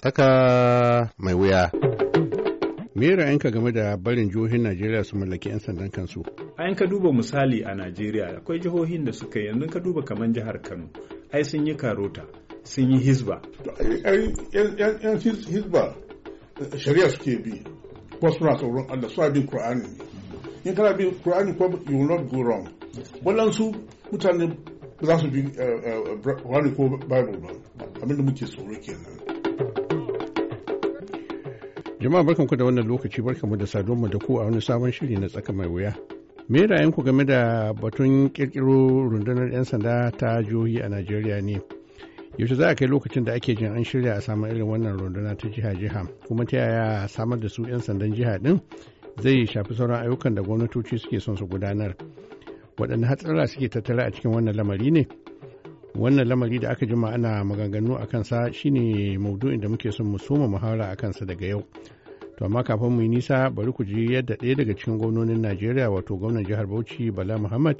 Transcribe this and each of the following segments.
Tsaka mai wuya. Me ra'ayinka game da barin jihohin Najeriya su mallaki 'yan sandan kansu? Ayan ka duba misali a Najeriya akwai jihohin da suka yi, yanzu ka duba kamar jihar Kano, ai sun yi karota, sun yi hizba. Yan hizba shari'a suke bi, ko suna tsoron Allah suna bin Kur'ani. In kana bin Kur'ani ko you will not go wrong. su mutane za su bi wani eh, eh, ko Bible ba, abinda muke tsoro kenan. Jama'a barkanku da wannan lokaci barkanmu da saduwa da ku a wani sabon shiri na tsaka mai wuya. Me ra'ayinku game da batun kirkiro rundunar 'yan sanda ta jihohi a Najeriya ne? Yaushe za a kai lokacin da ake jin an shirya a samun irin wannan runduna ta jiha-jiha kuma ta yaya samar da su 'yan sandan jiha din zai shafi sauran ayyukan da gwamnatoci suke son su gudanar. Waɗanne hatsara suke tattara a cikin wannan lamari ne? wannan lamari da aka jima ana maganganu a kansa shine maudu'in da muke son mu soma muhawara a kansa daga yau to amma kafin mu yi nisa bari ku ji yadda ɗaya daga cikin gwamnonin najeriya wato gwamnan jihar bauchi bala muhammad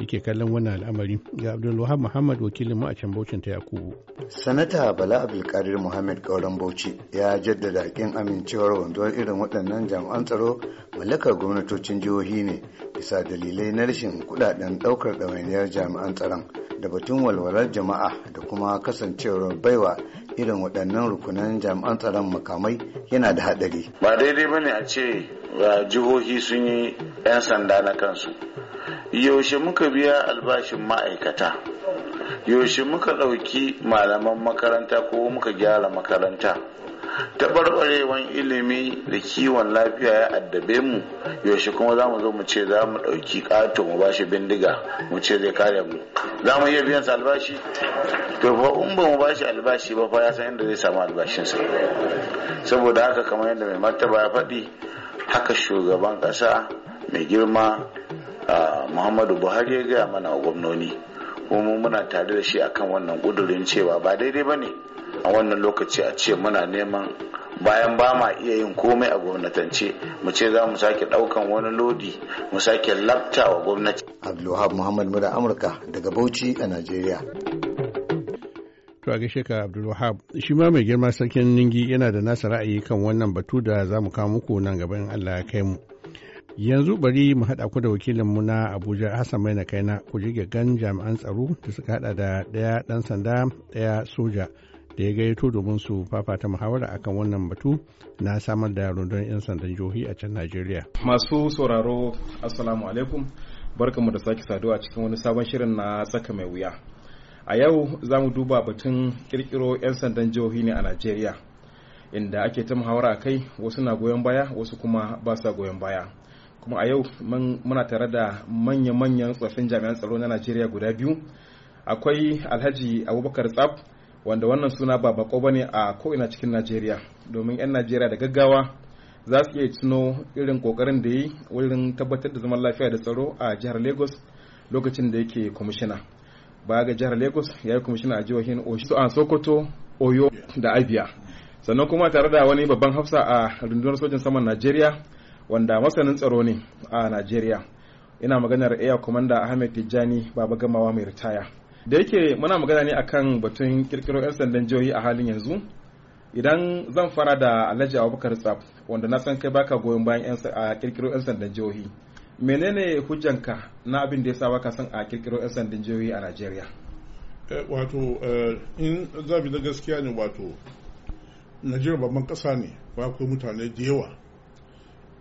yake kallon wannan al'amari ga abdulwaha muhammad wakilin mu a can bauchin ta yakubu sanata bala abdulkadir muhammad gauran bauchi ya jaddada kin amincewar wanzuwar irin waɗannan jami'an tsaro mallakar gwamnatocin jihohi ne bisa dalilai na rashin kuɗaɗen ɗaukar ɗawainiyar jami'an tsaron da batun walwalar jama'a da kuma kasancewar baiwa irin waɗannan rukunan jami'an tsaron makamai yana da haɗari. Ba daidai bane a ce jihohi sun yi 'yan sanda na kansu. Yaushe muka biya albashin ma'aikata, yaushe muka ɗauki malaman makaranta ko muka gyara makaranta. taɓarɓarewan ilimi da kiwon lafiya ya addabe mu yaushe kuma za mu zo mu ce za mu ɗauki ƙato mu ba shi bindiga mu ce zai kare mu za mu iya biyan sa albashi to fa in ba mu ba shi albashi ba fa ya san inda zai samu albashinsa saboda haka kamar yadda mai martaba ya faɗi haka shugaban ƙasa mai girma muhammadu buhari ya gaya mana gwamnoni kuma muna tare da shi akan wannan ƙudurin cewa ba daidai ba ne a wannan lokaci a ce muna neman bayan ba ma iya yin komai a gwamnatance mu ce za mu sake daukan wani lodi mu sake labta wa gwamnati abdulwahab muhammad Muda amurka daga bauchi a najeriya to a gaishe ka abdulwahab shi ma mai girma sarkin ningi yana da nasa ra'ayi kan wannan batu da za mu kawo muku nan gaba in allah ya kai mu yanzu bari mu haɗa ku da wakilinmu na abuja hassan maina kaina ku jirgin jami'an tsaro da suka haɗa da ɗaya ɗan sanda ɗaya soja da ya gayyato domin su fafata muhawara akan wannan batu na samar da rundunar 'yan sandan jihohi a can Najeriya. Masu sauraro Assalamu alaikum mu da sake saduwa cikin wani sabon shirin na tsaka mai wuya. A yau za mu duba batun kirkiro 'yan sandan jihohi ne a Najeriya inda ake ta muhawara kai wasu na goyon baya wasu kuma ba sa goyon baya. kuma a yau muna tare da manya-manyan tsoffin jami'an tsaro na najeriya guda biyu akwai alhaji abubakar tsab wanda wannan suna ba bako bane a ko'ina cikin najeriya domin 'yan najeriya da gaggawa za su iya tuno irin kokarin da yi wurin tabbatar da zaman lafiya da tsaro a jihar lagos lokacin da yake kwamishina ba ga jihar lagos ya yi kwamishina a jihohin a sokoto oyo da abia sannan kuma tare da wani babban hafsa a rundunar sojin saman najeriya wanda masanin tsaro ne a najeriya ina maganar air commander ahmed tijjani baba gamawa mai ritaya da yake muna magana ne akan batun kirkiro 'yan sandan jihohi a halin yanzu idan zan fara da alhaji abubakar tsaf wanda na san kai baka goyon bayan a kirkiro 'yan sandan jihohi menene hujjanka na abin da ya sa baka san a kirkiro 'yan sandan jihohi a najeriya eh, wato eh, in zabi da gaskiya ne wato najeriya babban kasa ne ba ku mutane da yawa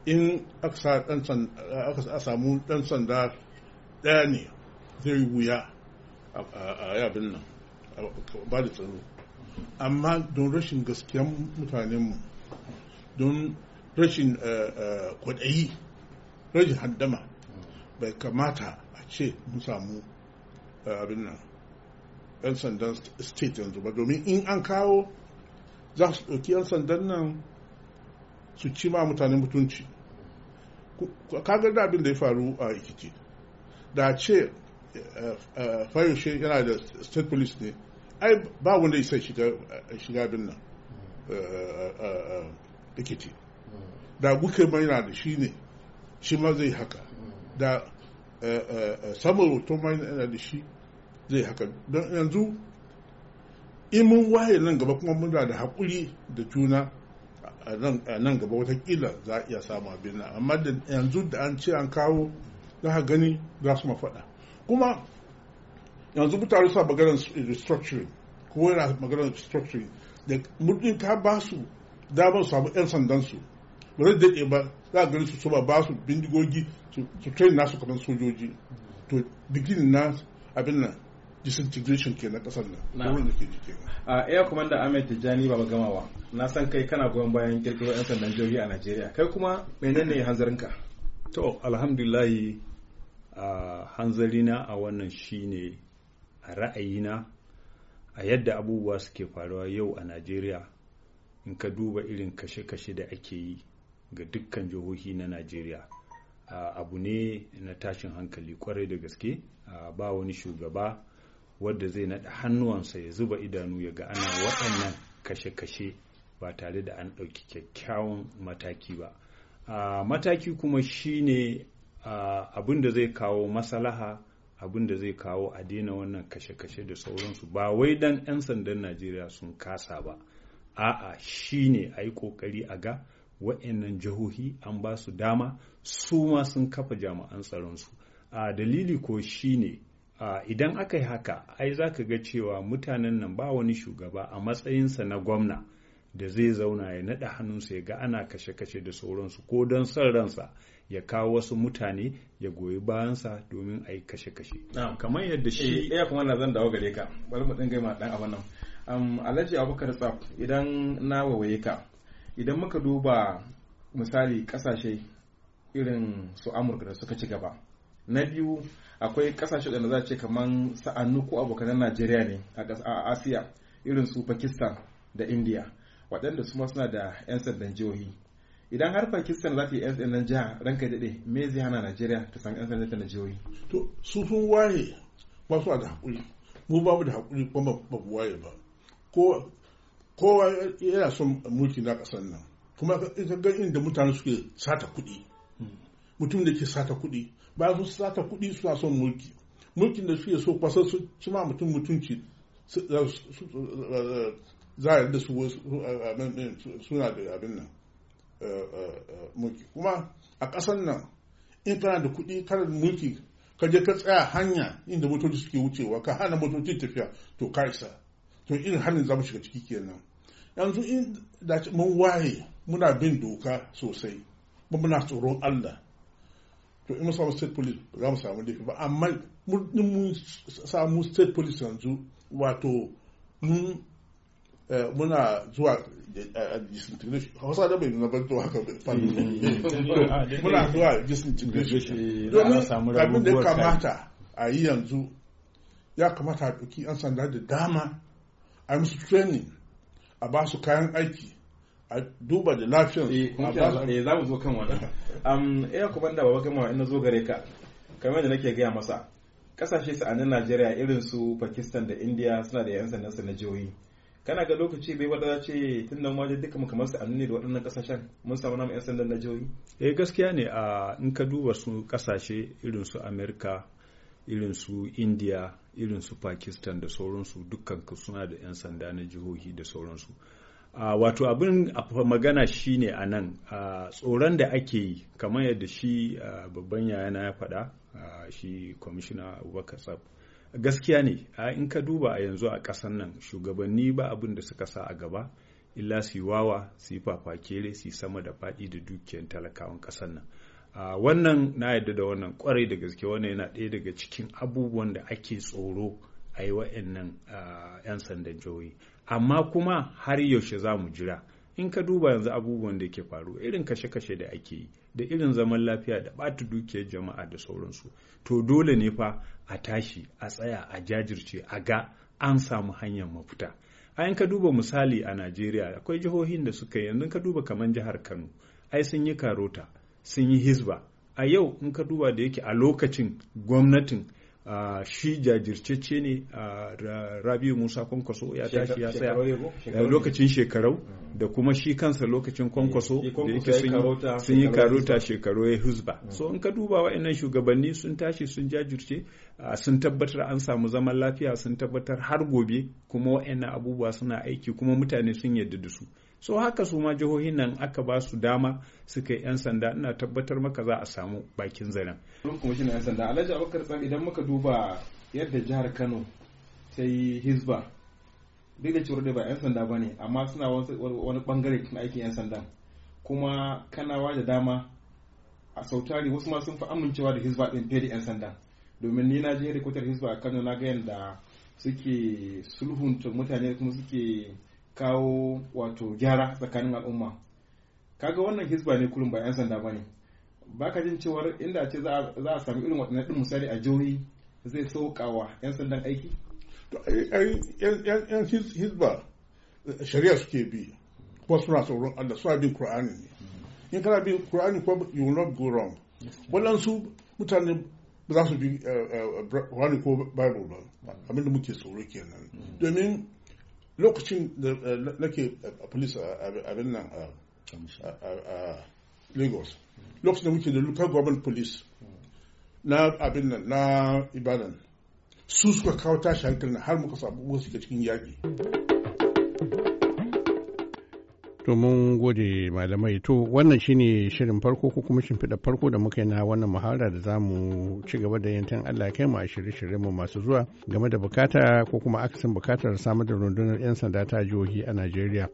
in aka samu dan sanda daya ne zai wuya a yabin nan ba da tsaro amma don rashin gaskiyan mutanenmu don rashin eh, eh, kwaɗayi rashin haddama bai kamata a ce mu samu eh, abin nan yan sandan state yanzu ba domin in an kawo za su ɗauki yan sandan nan su ci ma mutane mutunci kagar da abin da ya faru a ikiti da ce fayoshe yana da state police ne ai ba wanda ya sai shiga bin nan eh, eh, eh, rikici da guke mai na da shi ne shi ma zai haka da samun hoton mai na da shi zai haka don yanzu in mun waye nan gaba kuma muna da haƙuri da juna a nan gaba watakila za a iya samu abin nan amma da yanzu da an ce an kawo za a gani za su mafaɗa kuma yanzu mutane suna maganar restructuring ko yana maganar restructuring da mutum ka ba su damar samu 'yan sandansu ba zai daɗe ba za a gani su so ba su bindigogi su train nasu kamar sojoji to beginning na abin nan disintegration ke na kasar nan wurin da ke jike a air commander ahmed tijjani ba gamawa na san kai kana goyon bayan kirkiro 'yan sandan jihohi a nigeria kai kuma menene hanzarinka to alhamdulillahi a hanzarina a wannan shine a ra'ayina a yadda abubuwa suke faruwa yau a najeriya in ka duba irin kashe-kashe da ake yi ga dukkan jihohi na najeriya abu ne na tashin hankali kwarai da gaske ba wani shugaba wadda zai naɗa hannuwansa ya zuba idanu ya ga ana waɗannan kashe-kashe ba tare da an ɗauki kyakkyawan mataki ba mataki kuma shine abin da zai kawo masalaha abin da zai kawo a daina wannan kashe-kashe da sauransu ba wai dan 'yan sandan najeriya sun kasa ba a'a shi ne a yi kokari a ga wa'annan jihohi an ba su dama su ma sun kafa jami'an tsaronsu a dalili ko shi ne idan aka yi haka ai za ka ga cewa mutanen nan ba wani shugaba a matsayinsa na gwamna da zai zauna ya naɗa hannunsa ya ga ana kashe-kashe da sauransu ko don son ransa ya kawo wasu mutane ya goyi bayansa domin a yi kashe-kashe. kamar yadda shi ɗaya eh, eh, kuma na zan dawo gare ka bari mu dinga ma ɗan abin nan alhaji abubakar tsaf idan na wawaye ka idan muka duba misali ƙasashe irin su amurka da suka ci gaba na biyu akwai ƙasashe da za a ce kamar sa'annu ko abokanan najeriya ne a asiya irin su pakistan da india waɗanda su suna da 'yan sandan jihohi idan har pakistan za ta yi 'yan sandan jiha ranka daɗe me zai hana najeriya ta san 'yan sandan na jihohi to su sun waye ba su da haƙuri mu ba mu da haƙuri kuma ba mu waye ba kowa yana son mulki na ƙasar nan kuma ga inda mutane suke sata kuɗi mutum da ke sata kuɗi ba su sata kuɗi suna son mulki mulkin da suke so kwasar su cima mutum mutunci za a yarda su suna da abin nan eh, eh, eh, mulki kuma a ƙasar nan in kana da kuɗi kana da mulki ka je ka tsaya hanya inda motoci suke wucewa ka hana motoci tafiya to ka isa to irin hannun za mu shiga ciki kenan yanzu in da mun waye muna bin doka sosai ba muna tsoron Allah to in mun samu state police ba za mu samu laifi ba amma mun samu state police yanzu wato mun Eh, muna zuwa disintegration eh, eh, hausa da bai nuna ban zuwa haka mm, mm, mm. Ah, muna zuwa disintegration domin abin da ya kamata a yi yanzu ya kamata a ɗauki 'yan sanda da dama a musu training a ba su kayan aiki a duba da lafiyar eh za mu zo kan wannan um eh ku banda baba gama in zo gare ka kamar da nake gaya masa kasashe sa'anin Najeriya irin su Pakistan da India suna da 'yan sandansu na jihohi kana ga lokaci bai wada ce tun nan wajen duka kamar su ne da waɗannan kasashen mun samu namu 'yan sandan na jihohi eh gaskiya ne a in ka duba su kasashe irin su amerika irin su india irin su pakistan da sauransu dukkan suna da 'yan sanda na jihohi da sauransu a wato abin magana ne a nan a tsoron da ake yi kamar yadda shi babban yayana ya faɗa shi kwamishina abubakar tsab gaskiya ne in ka duba a yanzu a ƙasar nan shugabanni ba abin da suka sa a gaba illa su yi wawa su yi fafakere su yi sama da faɗi da dukiyar talakawan ƙasar nan a wannan na yadda da wannan kwarai da gaske wannan yana ɗaya daga cikin abubuwan da ake tsoro a yi wa'annan 'yan sandan jihohi amma kuma har yaushe za mu jira in ka duba yanzu abubuwan da ke faru irin kashe-kashe da ake yi da irin zaman lafiya da ɓata dukiyar jama'a da sauransu to dole ne fa a tashi a tsaya a jajirce a ga an samu hanyar mafita ayan ka duba misali a najeriya akwai jihohin da suka yi, yanzu ka duba kamar jihar kano ai sun yi karota sun yi hizba a yau in ka duba da yake a lokacin gwamnatin shi jajircece ne a rabiu musa kwankwaso ya tashi ya tsaya lokacin shekarau mm. da kuma shi kansa lokacin kwankwaso da yake sun yi karota shekaru ya huzba so in ka duba wa'annan shugabanni sun tashi sun jajirce sun tabbatar an samu zaman lafiya sun tabbatar har gobe kuma wa'annan abubuwa suna aiki kuma mutane sun yadda da su so haka su ma jihohin nan aka ba su dama suka yi 'yan sanda ina tabbatar maka za a samu bakin zaren. kwamishin 'yan sanda alhaji abubakar tsam idan muka duba yadda jihar kano ta yi hizba duk da cewa ba 'yan sanda ba ne amma suna wani bangare na aikin 'yan sanda kuma kanawa da dama a sautari wasu ma sun fi amincewa da hizba ɗin fiye da 'yan sanda domin ni na je rikotar hizba a kano na ga yadda suke sulhunta mutane kuma suke kawo wato gyara tsakanin al'umma kaga wannan hizba ne kullum ba 'yan sanda ba ne baka jin cewar inda ce za a sami irin waɗannan ɗin misali a jihohi zai saukawa 'yan sandan aiki to yan hizba shari'a suke bi ko suna tsoron Allah suna bin Qur'ani ne in kana bin Qur'ani ko you will not go wrong su mutane ba za su bi Qur'ani eh, eh, ko Bible ba abinda muke tsoro kenan mm. domin lokacin da eh, nake eh, a police abin nan a lagos lokacin da muke da local government polis na abin nan na ibadan su suka kawo tashi hankali har muka samu wasu cikin yaƙi. To mun gode malamai to wannan shine shirin farko ko kuma shimfiɗa farko da muka yi na wannan muhawara da za mu ci gaba da yantan Allah kai mu a shirye-shirye mu masu zuwa game da bukata ko kuma akasin bukatar samar da rundunar 'yan sanda ta jihohi a Najeriya.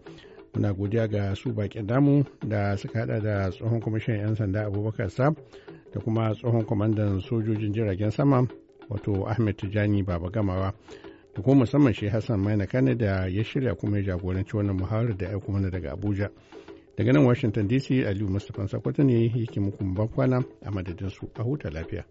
Muna godiya ga su baƙin damu da suka hada da tsohon kwamishin 'yan sanda Abubakar Sab da kuma tsohon kwamandan sojojin jiragen sama wato Ahmed Tijani Baba Gamawa. da kuma musamman shi hassan maina kanada ya shirya kuma ya jagoranci wannan muhawarar da aiko mana daga abuja daga nan washington dc aliyu mustapha sakwato ne yake muku bakwana a madadin su a huta lafiya.